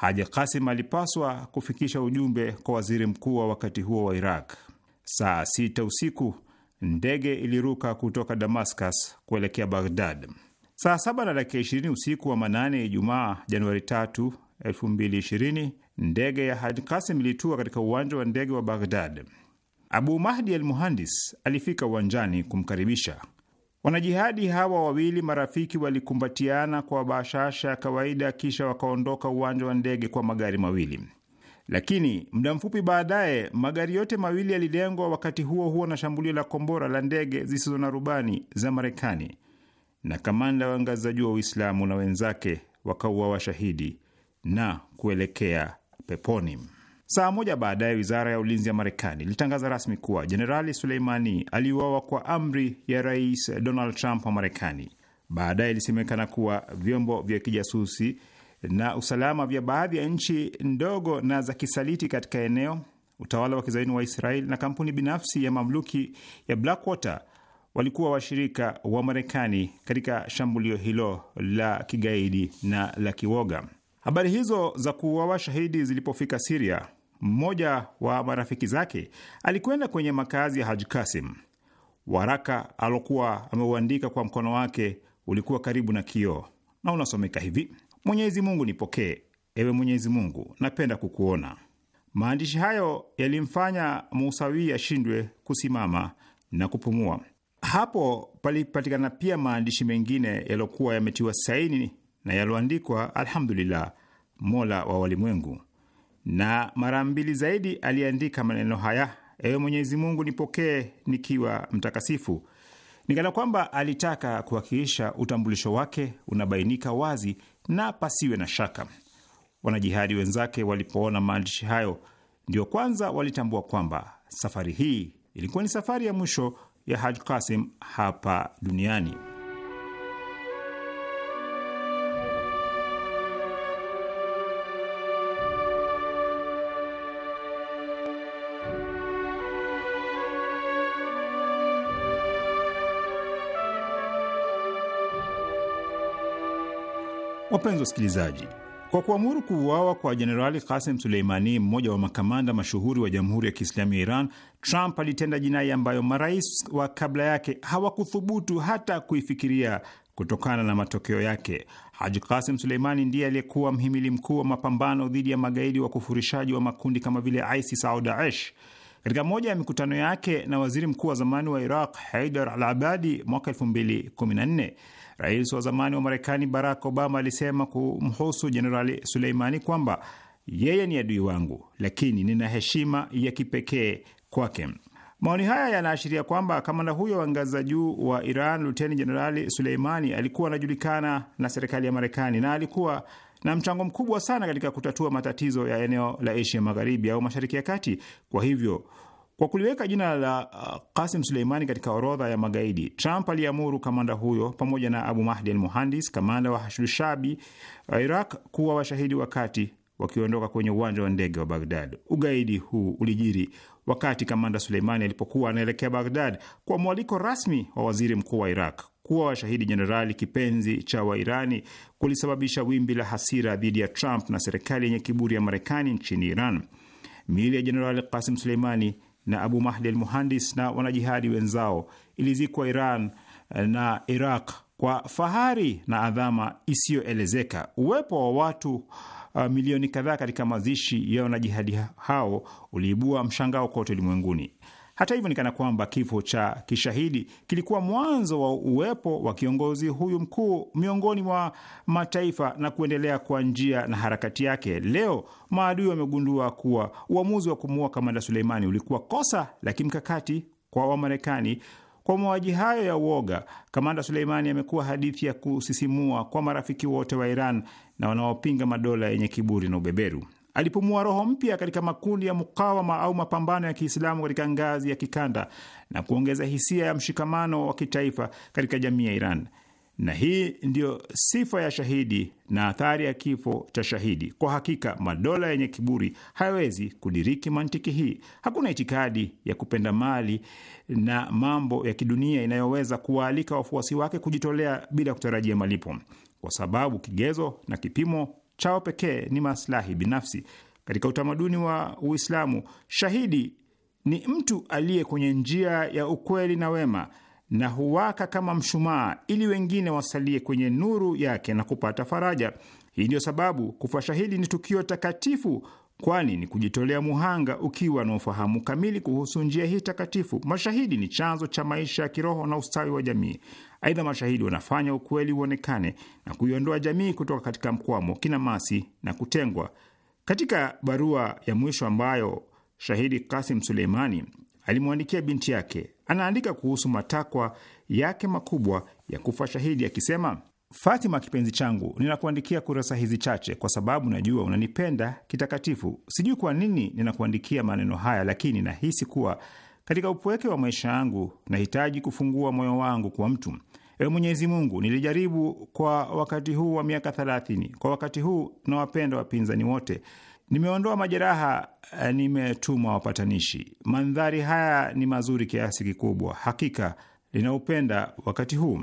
D: Haji Kasim alipaswa kufikisha ujumbe kwa waziri mkuu wa wakati huo wa Iraq. Saa sita usiku ndege iliruka kutoka Damascus kuelekea Baghdad. Saa saba na dakika ishirini usiku wa manane Ijumaa Januari tatu elfu mbili ishirini ndege ya Haji Kasim ilitua katika uwanja wa ndege wa Baghdad. Abu Mahdi al Muhandis alifika uwanjani kumkaribisha. Wanajihadi hawa wawili marafiki walikumbatiana kwa bashasha ya kawaida, kisha wakaondoka uwanja wa ndege kwa magari mawili. Lakini muda mfupi baadaye magari yote mawili yalilengwa, wakati huo huo na shambulio la kombora la ndege zisizo na rubani za Marekani, na kamanda wa ngazi za juu wa Uislamu na wenzake wakauawa shahidi na kuelekea peponi. Saa moja baadaye wizara ya ulinzi ya Marekani ilitangaza rasmi kuwa jenerali Suleimani aliuawa kwa amri ya rais Donald Trump wa Marekani. Baadaye ilisemekana kuwa vyombo vya kijasusi na usalama vya baadhi ya nchi ndogo na za kisaliti katika eneo, utawala wa kizaini wa Israeli na kampuni binafsi ya mamluki ya Blackwater walikuwa washirika wa Marekani katika shambulio hilo la kigaidi na la kiwoga. Habari hizo za kuuawa shahidi zilipofika Siria, mmoja wa marafiki zake alikwenda kwenye makazi ya Haji Kasim. Waraka alokuwa ameuandika kwa mkono wake ulikuwa karibu na kioo na unasomeka hivi: Mwenyezi Mungu nipokee, ewe Mwenyezi Mungu, napenda kukuona. Maandishi hayo yalimfanya Musawi ashindwe ya kusimama na kupumua. Hapo palipatikana pia maandishi mengine yaliyokuwa yametiwa saini na yaliyoandikwa alhamdulillah, mola wa walimwengu na mara mbili zaidi aliandika maneno haya: ewe Mwenyezi Mungu, nipokee nikiwa mtakasifu. Nikana kwamba alitaka kuhakikisha utambulisho wake unabainika wazi na pasiwe na shaka. Wanajihadi wenzake walipoona maandishi hayo, ndio kwanza walitambua kwamba safari hii ilikuwa ni safari ya mwisho ya Haj Kasim hapa duniani. Wapenzi wasikilizaji, kwa kuamuru kuuawa kwa Jenerali Kasim Suleimani, mmoja wa makamanda mashuhuri wa Jamhuri ya Kiislamu ya Iran, Trump alitenda jinai ambayo marais wa kabla yake hawakuthubutu hata kuifikiria kutokana na matokeo yake. Haji Kasim Suleimani ndiye aliyekuwa mhimili mkuu wa mapambano dhidi ya magaidi wa kufurishaji wa makundi kama vile ISIS au Daesh. Katika moja ya mikutano yake na waziri mkuu wa zamani wa Iraq Haidar al Abadi mwaka 2014 Rais wa zamani wa Marekani Barack Obama alisema kumhusu Jenerali Suleimani kwamba yeye ni adui wangu, lakini nina heshima ya kipekee kwake. Maoni haya yanaashiria kwamba kamanda huyo wa ngazi za juu wa Iran, Luteni Jenerali Suleimani, alikuwa anajulikana na serikali ya Marekani na alikuwa na mchango mkubwa sana katika kutatua matatizo ya eneo la Asia Magharibi au Mashariki ya Kati. Kwa hivyo kwa kuliweka jina la Kasim uh, Suleimani katika orodha ya magaidi, Trump aliamuru kamanda huyo pamoja na Abu Mahdi al Muhandis, kamanda wa Hashdushabi wa uh, Iraq, kuwa washahidi wakati wakiondoka kwenye uwanja wa ndege wa Baghdad. Ugaidi huu ulijiri wakati kamanda Suleimani alipokuwa anaelekea Baghdad kwa mwaliko rasmi wa waziri mkuu wa Iraq. Kuwa washahidi jenerali kipenzi cha Wairani kulisababisha wimbi la hasira dhidi ya Trump na serikali yenye kiburi ya Marekani nchini Iran. Miili ya jenerali Kasim Suleimani na Abu Mahdi al Muhandis na wanajihadi wenzao ilizikwa Iran eh, na Iraq kwa fahari na adhama isiyoelezeka. Uwepo wa watu uh, milioni kadhaa katika mazishi ya wanajihadi hao uliibua mshangao kote ulimwenguni. Hata hivyo, nikana kwamba kifo cha kishahidi kilikuwa mwanzo wa uwepo wa kiongozi huyu mkuu miongoni mwa mataifa na kuendelea kwa njia na harakati yake. Leo maadui wamegundua kuwa uamuzi wa kumuua kamanda Suleimani ulikuwa kosa la kimkakati kwa Wamarekani. Kwa mauaji hayo ya uoga, kamanda Suleimani amekuwa hadithi ya kusisimua kwa marafiki wote wa Iran na wanaopinga madola yenye kiburi na ubeberu alipumua roho mpya katika makundi ya mukawama au mapambano ya Kiislamu katika ngazi ya kikanda na kuongeza hisia ya mshikamano wa kitaifa katika jamii ya Iran. Na hii ndiyo sifa ya shahidi na athari ya kifo cha shahidi. Kwa hakika madola yenye kiburi hayawezi kudiriki mantiki hii. Hakuna itikadi ya kupenda mali na mambo ya kidunia inayoweza kuwaalika wafuasi wake kujitolea bila kutarajia malipo, kwa sababu kigezo na kipimo chao pekee ni maslahi binafsi. Katika utamaduni wa Uislamu, shahidi ni mtu aliye kwenye njia ya ukweli na wema na huwaka kama mshumaa ili wengine wasalie kwenye nuru yake na kupata faraja. Hii ndiyo sababu kufa shahidi ni tukio takatifu kwani ni kujitolea muhanga ukiwa na ufahamu kamili kuhusu njia hii takatifu. Mashahidi ni chanzo cha maisha ya kiroho na ustawi wa jamii. Aidha, mashahidi wanafanya ukweli uonekane na kuiondoa jamii kutoka katika mkwamo, kinamasi na kutengwa. Katika barua ya mwisho ambayo shahidi Kasim Suleimani alimwandikia binti yake, anaandika kuhusu matakwa yake makubwa ya kufa shahidi akisema: Fatima kipenzi changu, ninakuandikia kurasa hizi chache kwa sababu najua unanipenda kitakatifu. Sijui kwa nini ninakuandikia maneno haya, lakini nahisi kuwa katika upweke wa maisha yangu nahitaji kufungua moyo wangu kwa mtu. Ewe Mwenyezi Mungu, nilijaribu kwa wakati huu wa miaka thelathini. Kwa wakati huu nawapenda wapinzani wote, nimeondoa majeraha, eh, nimetuma wapatanishi. Mandhari haya ni mazuri kiasi kikubwa, hakika ninaupenda wakati huu.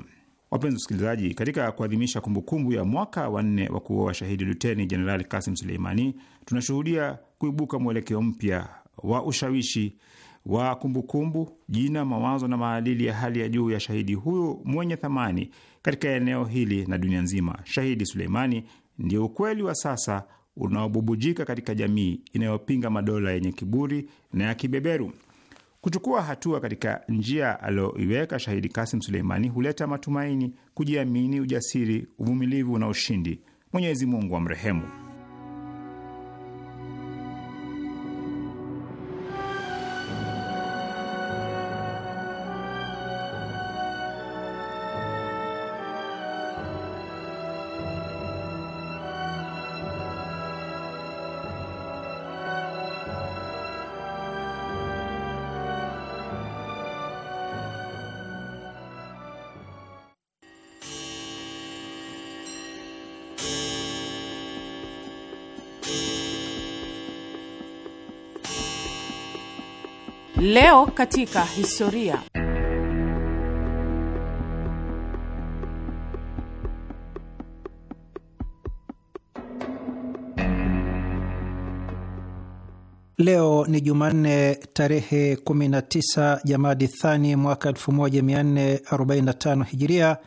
D: Wapenzi wasikilizaji, katika kuadhimisha kumbukumbu ya mwaka wanne wa kuwa washahidi Luteni Jenerali Kasim Suleimani, tunashuhudia kuibuka mwelekeo mpya wa ushawishi wa kumbukumbu kumbu, jina, mawazo na maadili ya hali ya juu ya shahidi huyu mwenye thamani katika eneo hili na dunia nzima. Shahidi Suleimani ndio ukweli wa sasa unaobubujika katika jamii inayopinga madola yenye kiburi na ya kibeberu. Kuchukua hatua katika njia aliyoiweka shahidi Kasim Suleimani huleta matumaini, kujiamini, ujasiri, uvumilivu na ushindi. Mwenyezi Mungu amrehemu.
B: Leo katika historia.
F: Leo ni Jumanne tarehe 19 Jamadi Thani mwaka 1445 Hijiria,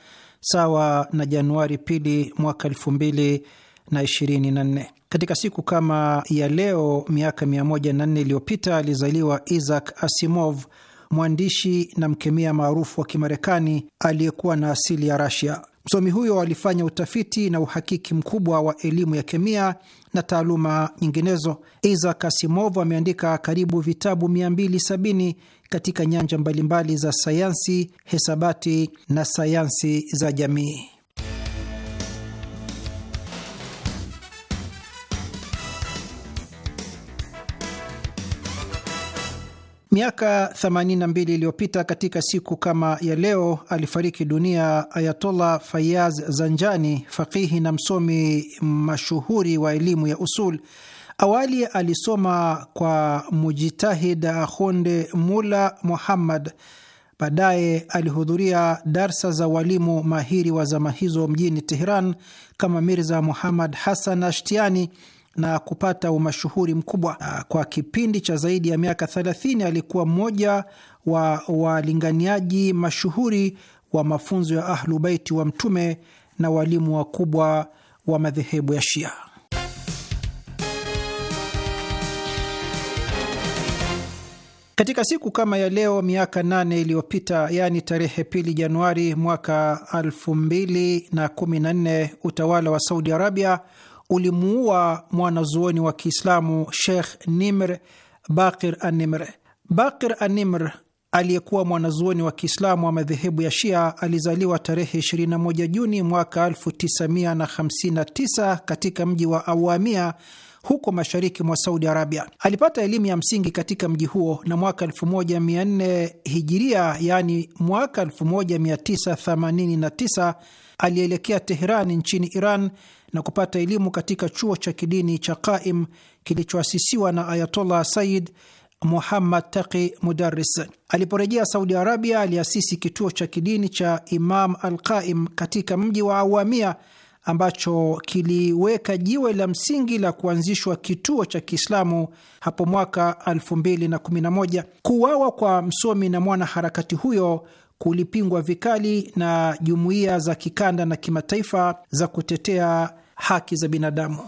F: sawa na Januari pili mwaka 2024. Katika siku kama ya leo miaka 104 iliyopita alizaliwa Isaac Asimov, mwandishi na mkemia maarufu wa Kimarekani aliyekuwa na asili ya Rasia. Msomi huyo alifanya utafiti na uhakiki mkubwa wa elimu ya kemia na taaluma nyinginezo. Isaac Asimov ameandika karibu vitabu 270 katika nyanja mbalimbali za sayansi, hesabati na sayansi za jamii. Miaka 82 iliyopita katika siku kama ya leo alifariki dunia Ayatollah Fayaz Zanjani, fakihi na msomi mashuhuri wa elimu ya usul. Awali alisoma kwa mujitahid Khonde Mula Muhammad. Baadaye alihudhuria darsa za walimu mahiri wa zama hizo mjini Teheran kama Mirza Muhammad Hassan Ashtiani na kupata umashuhuri mkubwa. Na kwa kipindi cha zaidi ya miaka 30 alikuwa mmoja wa walinganiaji mashuhuri wa mafunzo ya Ahlu Baiti wa Mtume na walimu wakubwa wa madhehebu ya Shia. Katika siku kama ya leo miaka nane iliyopita, yaani tarehe pili Januari mwaka 214 utawala wa Saudi Arabia ulimuua mwanazuoni wa Kiislamu Sheikh Nimr Bakir Animr. Bakir Animr aliyekuwa mwanazuoni wa Kiislamu wa madhehebu ya Shia alizaliwa tarehe 21 Juni mwaka 1959 katika mji wa Awamia huko mashariki mwa Saudi Arabia. Alipata elimu ya msingi katika mji huo na mwaka 1400 hijiria, yaani mwaka 1989 alielekea Teherani nchini Iran na kupata elimu katika chuo cha kidini cha Qaim kilichoasisiwa na Ayatollah Said Muhammad Taqi Mudaris. Aliporejea Saudi Arabia, aliasisi kituo cha kidini cha Imam al Qaim katika mji wa Awamia ambacho kiliweka jiwe la msingi la kuanzishwa kituo cha Kiislamu hapo mwaka 2011. Kuuawa kwa msomi na mwanaharakati huyo kulipingwa vikali na jumuiya za kikanda na kimataifa za kutetea haki za binadamu.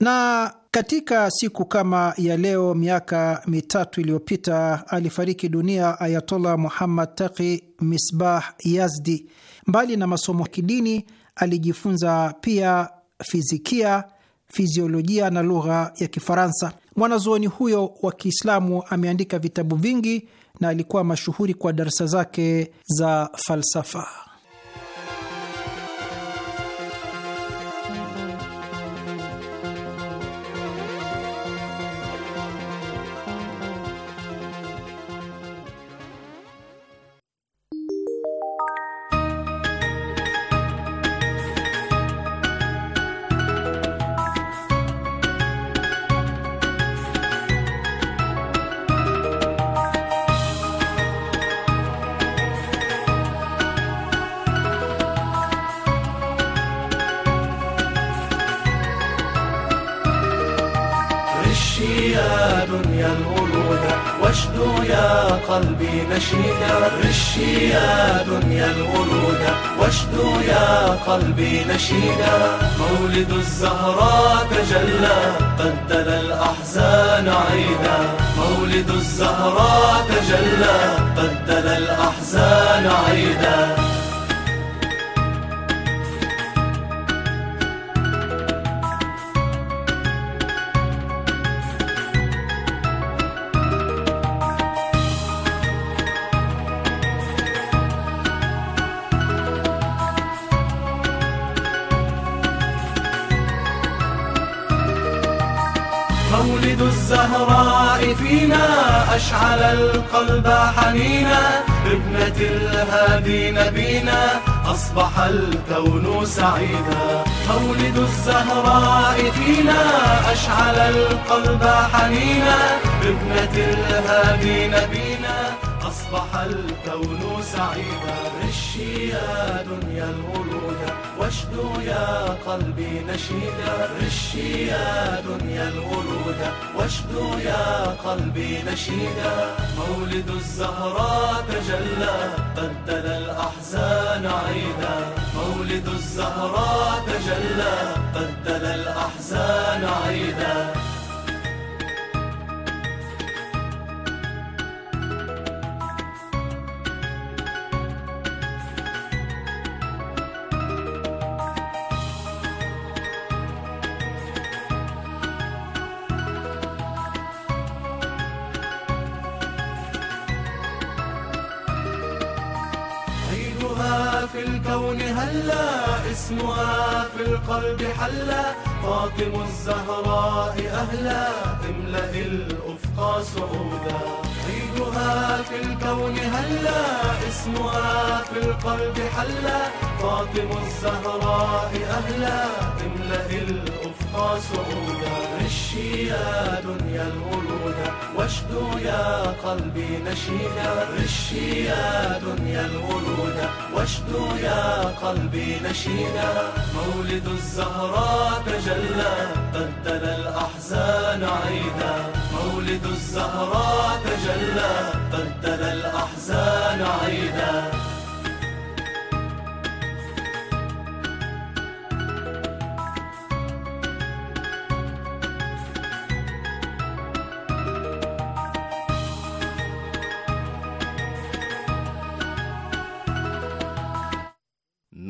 F: Na katika siku kama ya leo miaka mitatu iliyopita alifariki dunia Ayatollah Muhammad Taqi Misbah Yazdi. Mbali na masomo ya kidini, alijifunza pia fizikia, fiziolojia na lugha ya Kifaransa. Mwanazuoni huyo wa Kiislamu ameandika vitabu vingi na alikuwa mashuhuri kwa darsa zake za falsafa.
C: الزهراء أصبح الكون سعيدا مولد الزهراء فينا أشعل القلب حنينا بابنة الهادي نبينا أصبح الكون سعيدا رشي يا دنيا الورود واشدو يا قلبي نشيدا رشي يا دنيا الورود نشيدا واشدوا يا قلبي نشيدا مولد الزهراء تجلى بدل الأحزان عيدا مولد الزهراء تجلى بدل الأحزان عيدا حلا اسمها في القلب حلا فاطم الزهراء أهلا املأ الأفق سعودا عيدها في الكون هلا اسمها في القلب حلا فاطم الزهراء أهلا املأ الأفق سعودا يا دنيا الورود واشدو يا قلبي نشيدا يا دنيا الورود واشدو يا قلبي نشيدا مولد الزهراء تجلى بدل الأحزان عيدا مولد الزهراء تجلى بدل الأحزان عيدا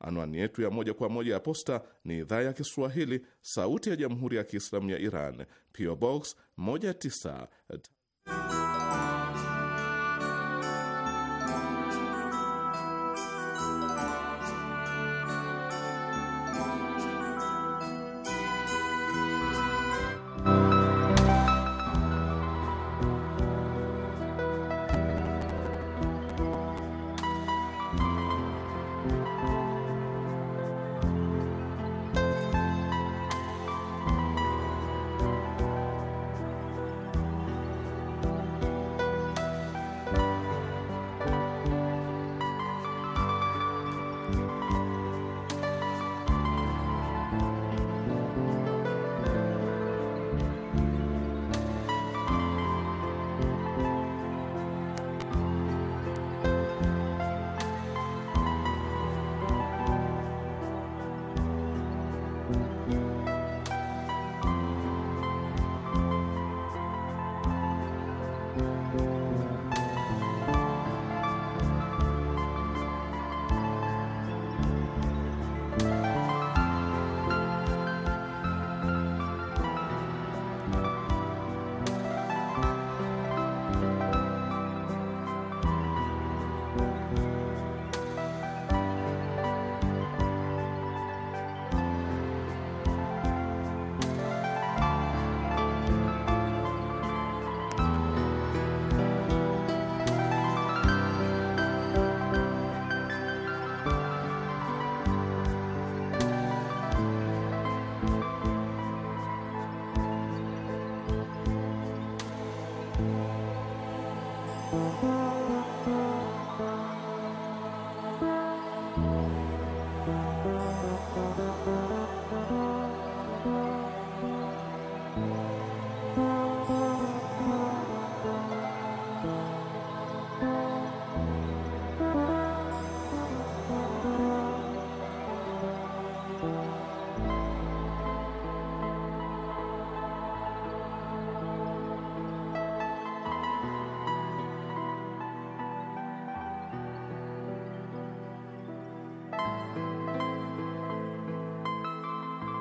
A: Anwani yetu ya moja kwa moja ya posta ni idhaa ya Kiswahili, sauti ya jamhuri ya kiislamu ya Iran, PO Box 19